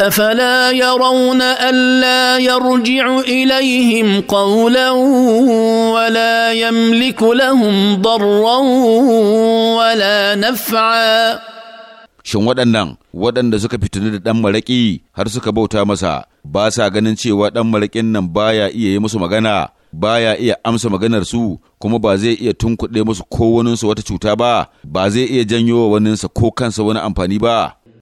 افلا يرون الا يرجع اليهم قولا ولا يملك لهم ضرا ولا نفعا shin waɗannan waɗanda suka fitini da ɗan maraƙi har suka bauta masa ba sa ganin cewa ɗan maraƙin nan baya iya yi musu magana baya iya amsa maganarsu kuma ba zai iya tunkuɗe musu ko waninsu wata cuta ba ba zai iya janyo wa waninsa ko kansa wani amfani ba